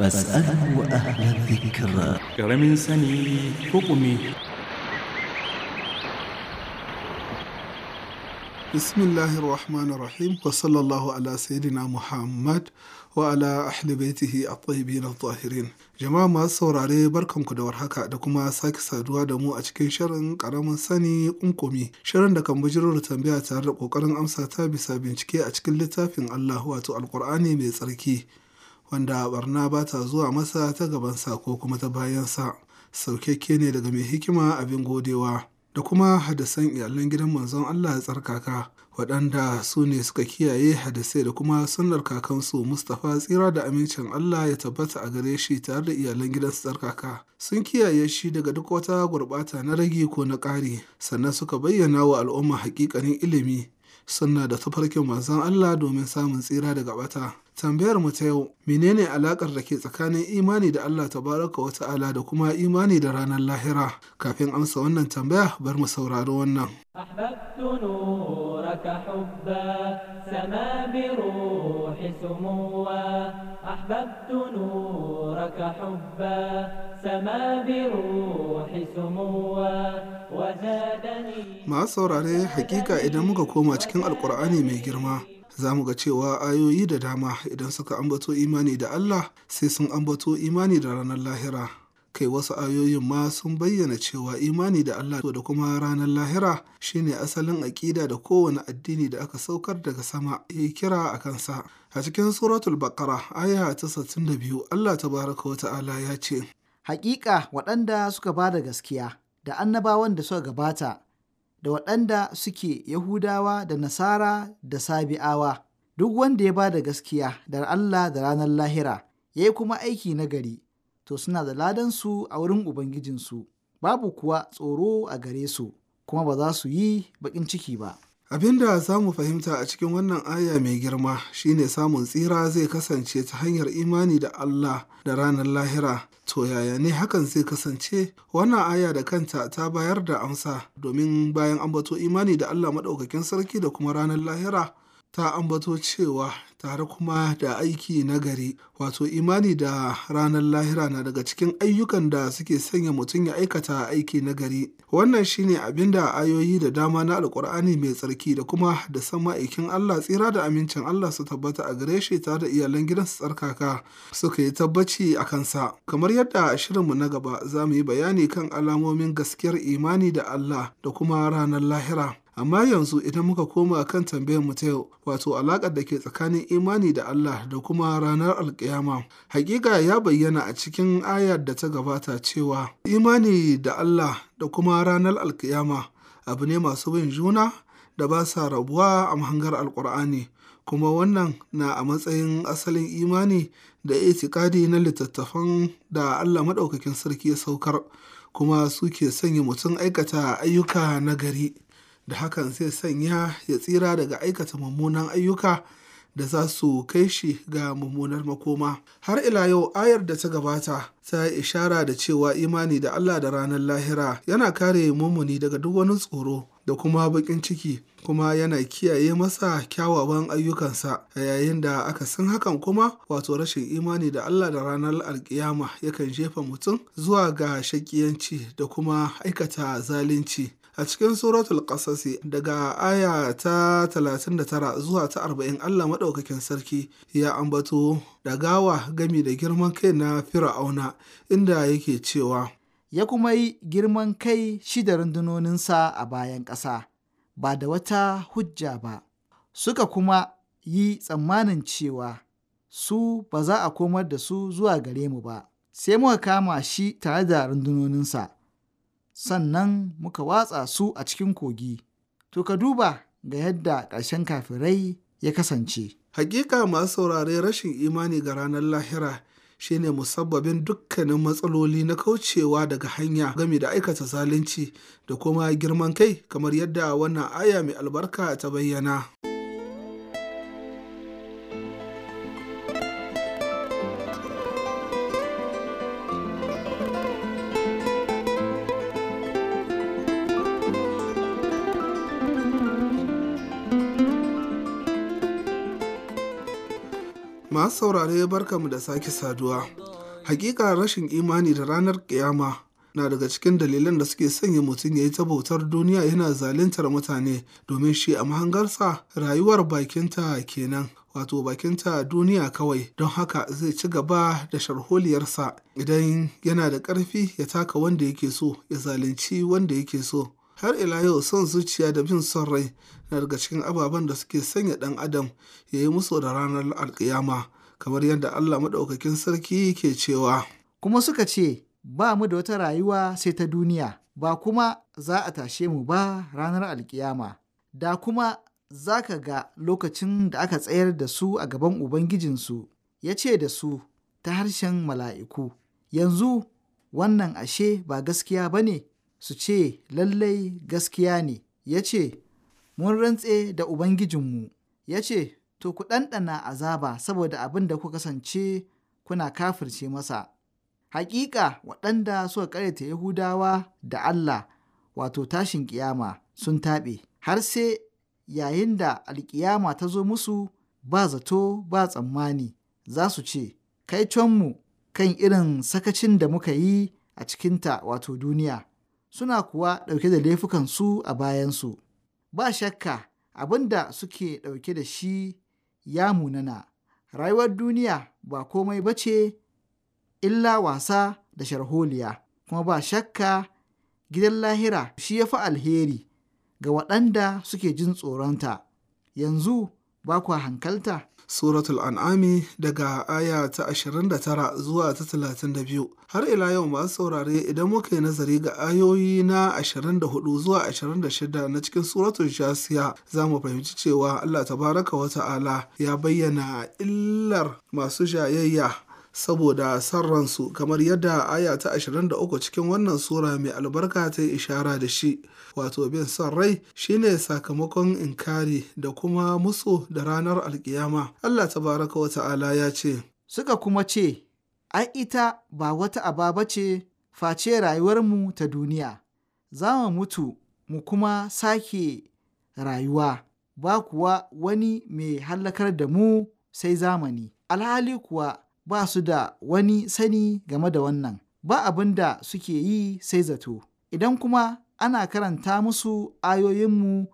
فاسألوا أهل الذكر ذكر سني حكمي بسم الله الرحمن الرحيم وصلى الله على سيدنا محمد وعلى أهل بيته الطيبين الظاهرين جماعة ما صور عليه بركم كده ورحكا دكما ساك سادوا دمو أتكين شرن كرام ساني أمكمي شرن دكم بجرور تنبيه تارق وقرن أمسا تابسا بنشكي أتكين لتافين الله واتو القرآن بسركي wanda barna ba ta zuwa masa ta gabansa ko kuma ta bayansa saukakke ne daga mai hikima abin godewa da kuma hadisan iyalan gidan manzon Allah ya tsarkaka waɗanda su ne suka kiyaye hadisai da kuma sunnar kakansu Mustapha tsira da amincin Allah ya tabbata a gare shi tare da iyalan gidan tsarkaka sun kiyaye shi daga duk wata gurɓata na ragi ko na ƙari sannan suka bayyana wa al'umma hakikanin ilimi sunna da tafarkin manzon Allah domin samun tsira daga bata Tambayar mu ta yau, menene alakar da ke tsakanin imani da Allah ta tabaraka wa ta'ala da kuma imani da ranar lahira? Kafin amsa wannan tambaya, bar mu saurari wannan. maa saurare hakika idan muka koma cikin alkur'ani mai girma za mu ga cewa ayoyi da dama idan suka ambato imani da Allah sai sun ambato imani da ranar lahira. Kai wasu ayoyin ma sun bayyana cewa imani da Allah da kuma ranar lahira shine asalin aƙida da kowane addini da aka saukar daga sama ya kira a kansa. A cikin suratul bakara aya ta 62 Allah ta baraka wa ta'ala ya ce, Haƙiƙa waɗanda suka ba da gaskiya da annabawan da suka gabata da waɗanda suke Yahudawa da Nasara da Sabi'awa, duk wanda ya ba da gaskiya da Allah da ranar lahira, ya yi kuma aiki na gari, to suna da ladansu a wurin Ubangijinsu, babu kuwa tsoro a gare su, kuma ba za su yi baƙin ciki ba. Abin da za mu fahimta a cikin wannan aya mai girma shine samun tsira zai kasance ta hanyar imani da Allah da ranar lahira. To yaya ne hakan zai kasance? Wannan aya da kanta ta bayar da amsa domin bayan ambato imani da Allah maɗaukakin sarki da kuma ranar lahira ta ambato cewa tare kuma da aiki na gari, wato imani da ranar lahira na daga cikin ayyukan da suke sanya mutum ya aikata aiki na gari. wannan shine abinda da ayoyi da dama na alkur'ani mai tsarki da kuma da san ma'aikin allah tsira da amincin allah su tabbata a gare shi tare da iyalan gidansu tsarkaka suka yi tabbaci a kansa kamar yadda shirinmu na gaba za mu yi bayani kan alamomin gaskiyar imani da allah da kuma ranar lahira amma yanzu idan muka koma kan tambayar mu ta yau wato alaƙar da ke tsakanin imani da Allah da kuma ranar alƙiyama hakika ya bayyana a cikin ayar da ta gabata cewa imani da Allah da kuma ranar alƙiyama abu ne masu bin juna da ba sa rabuwa a mahangar alƙur'ani kuma wannan na a matsayin asalin imani da itikadi na littattafan da Allah maɗaukakin sarki ya saukar kuma suke sanya mutum aikata ayyuka na gari da hakan zai sanya ya tsira daga aikata mummunan ayyuka da za su kai shi ga mummunar makoma. Har ila yau ayar da ta gabata ta yi ishara da cewa imani da Allah da ranar lahira yana kare mummuni daga duk wani tsoro da kuma baƙin ciki kuma yana kiyaye masa kyawawan ayyukansa a yayin da aka san hakan kuma wato rashin imani da Allah da ranar alkiyama yakan jefa mutum zuwa ga shakiyanci da kuma aikata zalunci a cikin suratul qasasi daga aya ta 39 zuwa ta 40 Allah maɗaukakin sarki ya ambato da gawa gami da girman kai na fir'auna inda yake cewa ya kuma yi girman kai shi da rundunoninsa a bayan ƙasa, ba da wata hujja ba, suka kuma yi tsammanin cewa su ba za a komar da su zuwa gare mu ba, sai muka kama shi tare da rundunoninsa, sannan muka watsa su a cikin kogi. To ka duba ga yadda ƙarshen kafirai ya kasance. Hakika masu saurare rashin imani ga ranar lahira shine musabbabin dukkanin matsaloli na kaucewa daga hanya game da aikata zalunci da kuma girman kai kamar yadda wannan aya mai albarka ta bayyana. Masu saurare barkamu da sake saduwa. Hakika rashin imani da ranar ƙiyama na daga cikin dalilan da suke sanya mutum ya yi ta bautar duniya yana zaluntar mutane domin shi a mahangarsa rayuwar bakinta kenan. Wato bakinta duniya kawai don haka zai ci gaba da sharholiyarsa idan yana da ƙarfi ya taka wanda yake so ya zalunci wanda yake so. Har ila yau son zuciya da bin son rai na daga cikin ababen da suke sanya ɗan adam ya yi musu da ranar alkiyama kamar yadda Allah maɗaukakin sarki ke cewa. Kuma suka ce, ba mu da wata rayuwa sai ta duniya, ba kuma za a tashe mu ba ranar alkiyama, da kuma za ka ga lokacin da aka tsayar da su a gaban Ubangijinsu, ya ce da su ta harshen mala'iku, yanzu wannan ashe ba gaskiya ba ne, su ce lallai gaskiya ne, ya ce, mun rantse da Ubangijinmu, ya ce, To ku ɗanɗana azaba saboda abin da ku kasance kuna kafirce masa. Hakika waɗanda suka karyata Yahudawa da Allah, wato tashin ƙiyama, sun taɓe, har sai yayin da alƙiyama ta zo musu ba zato ba tsammani, za su ce, Kai mu kan irin sakacin da muka yi a cikinta wato duniya, suna kuwa ɗauke da laifukansu a bayansu. ba shakka abin da suke ɗauke da shi ya munana rayuwar duniya ba komai ba ce illa wasa da sharholiya kuma ba shakka gidan lahira shi ya fi alheri ga waɗanda suke jin tsoronta yanzu ba kwa hankalta suratul an'ami daga aya ta 29 zuwa ta 32 har ila yau masu saurare idan muka yi nazari ga ayoyi na 24 zuwa 26 na cikin suratul jasiya za mu fahimci cewa Allah tabaraka wa ta'ala ya bayyana illar masu jayayya saboda san ransu kamar yadda aya ta 23 cikin wannan sura mai albarka ta ishara da shi wato bin son rai shine sakamakon inkari da kuma musu da ranar alkiyama Allah ta baraka wa ta'ala ya ce suka kuma ce ai ita ba wata ababa ce face rayuwarmu ta duniya za mu mutu mu kuma sake rayuwa ba kuwa wani mai hallakar da mu sai zamani alhali kuwa ba su da wani sani game da wannan, ba abin da suke yi sai zato, idan kuma ana karanta musu ayoyinmu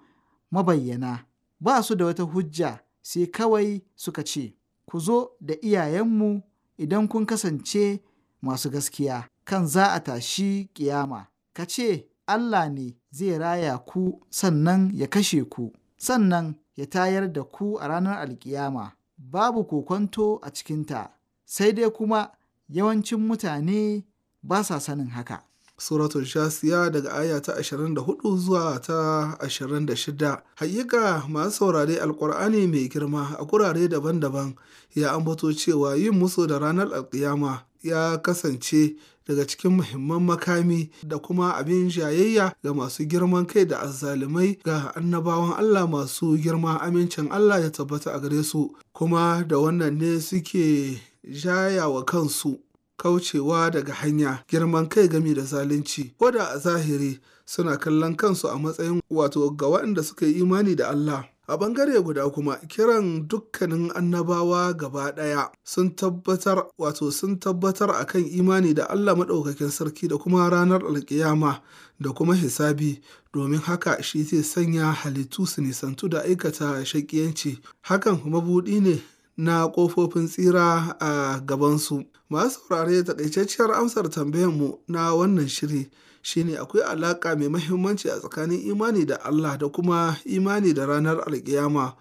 mabayyana, ba su da wata hujja sai kawai suka ce, Ku zo da iyayenmu idan kun kasance masu gaskiya, kan za a tashi ƙiyama, ka ce, Allah ne zai raya ku sannan ya kashe ku, sannan ya tayar da ku a ranar alkiyama, babu kokonto a cikinta. sai dai kuma yawancin mutane ba sa sanin haka. Suratul Shasiya daga aya ta 24 zuwa ta 26. Hayyuka masu saurare Alƙur'ani mai girma a kurare daban-daban ya ambato cewa yin musu da ranar alƙiyama ya kasance daga cikin muhimman makami da kuma abin jayayya ga masu girman kai da azzalumai ga annabawan Allah masu girma amincin Allah ya tabbata a gare su kuma da wannan ne suke jaya wa kansu kaucewa daga hanya girman kai gami da zalunci ko da a zahiri suna kallon kansu a matsayin wato ga waɗanda suka yi imani da Allah a ɓangare guda kuma kiran dukkanin annabawa gaba ɗaya sun tabbatar wato sun tabbatar a kan imani da Allah maɗaukakin sarki da kuma ranar alƙiyama da kuma hisabi domin haka shi zai sanya halittu su nisantu da aikata shaƙiyanci hakan mabuɗi ne na kofofin tsira a gabansu. Masu saurare takaitacciyar amsar tambayar mu na wannan shiri shine akwai alaƙa mai mahimmanci a tsakanin imani da Allah da kuma imani da ranar alƙiyama.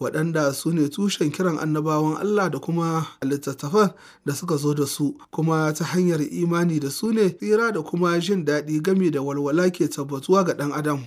waɗanda su ne tushen kiran annabawan Allah da kuma littattafan da suka zo da su kuma ta hanyar imani da su ne tsira da kuma jin daɗi game da walwala ke tabbatuwa ga ɗan adam.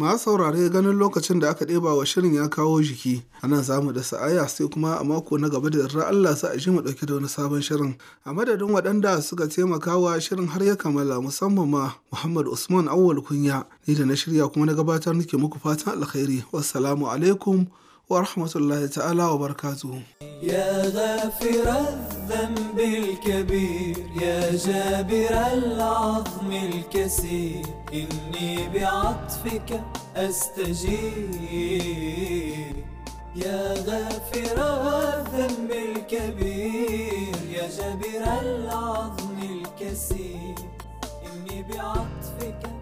Ma saurare ganin lokacin da aka ɗeba wa shirin ya kawo jiki a nan za mu da sa'aya sai kuma a mako na gaba da yarda Allah sa a ji mu ɗauki da wani sabon shirin a madadin waɗanda suka taimaka wa shirin har ya kammala musamman ma Muhammad Usman Awwal Kunya ni da na shirya kuma na gabatar nake muku fatan alkhairi wassalamu alaikum ورحمة الله تعالى وبركاته يا غافر الذنب الكبير يا جابر العظم الكسير إني بعطفك أستجير يا غافر الذنب الكبير يا جابر العظم الكسير إني بعطفك